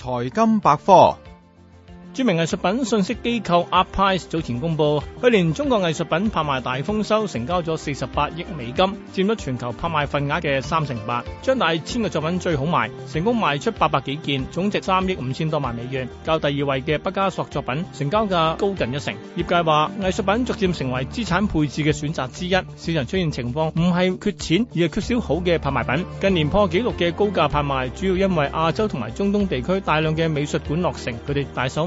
財金百科。著名藝術品信息機構 Artprice 早前公布，去年中國藝術品拍賣大豐收，成交咗四十八億美金，佔咗全球拍賣份額嘅三成八。張大千嘅作品最好賣，成功賣出八百幾件，總值三億五千多萬美元，較第二位嘅畢加索作品成交價高近一成。業界話，藝術品逐漸成為資產配置嘅選擇之一。市場出現情況唔係缺錢，而係缺少好嘅拍賣品。近年破紀錄嘅高價拍賣，主要因為亞洲同埋中東地區大量嘅美術館落成，佢哋大手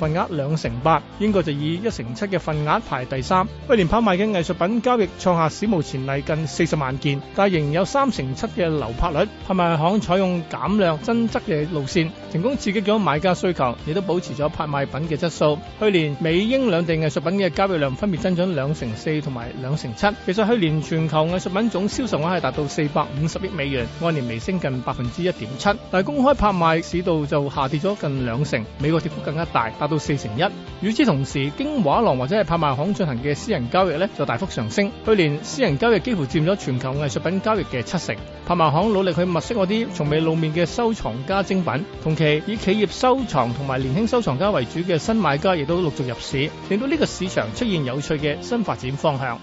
份額兩成八，英國就以一成七嘅份額排第三。去年拍賣嘅藝術品交易創下史無前例近四十萬件，但係仍有三成七嘅流拍率。拍賣行採用減量增質嘅路線，成功刺激咗買家需求，亦都保持咗拍賣品嘅質素。去年美英兩地藝術品嘅交易量分別增長兩成四同埋兩成七。其實去年全球藝術品總銷售額係達到四百五十億美元，按年微升近百分之一點七。但係公開拍賣市道就下跌咗近兩成，美國跌幅更加大。到四成一。與此同時，經畫廊或者係拍賣行進行嘅私人交易咧，就大幅上升。去年私人交易幾乎佔咗全球藝術品交易嘅七成。拍賣行努力去物色嗰啲從未露面嘅收藏家精品。同期以企業收藏同埋年輕收藏家為主嘅新買家，亦都陸續入市，令到呢個市場出現有趣嘅新發展方向。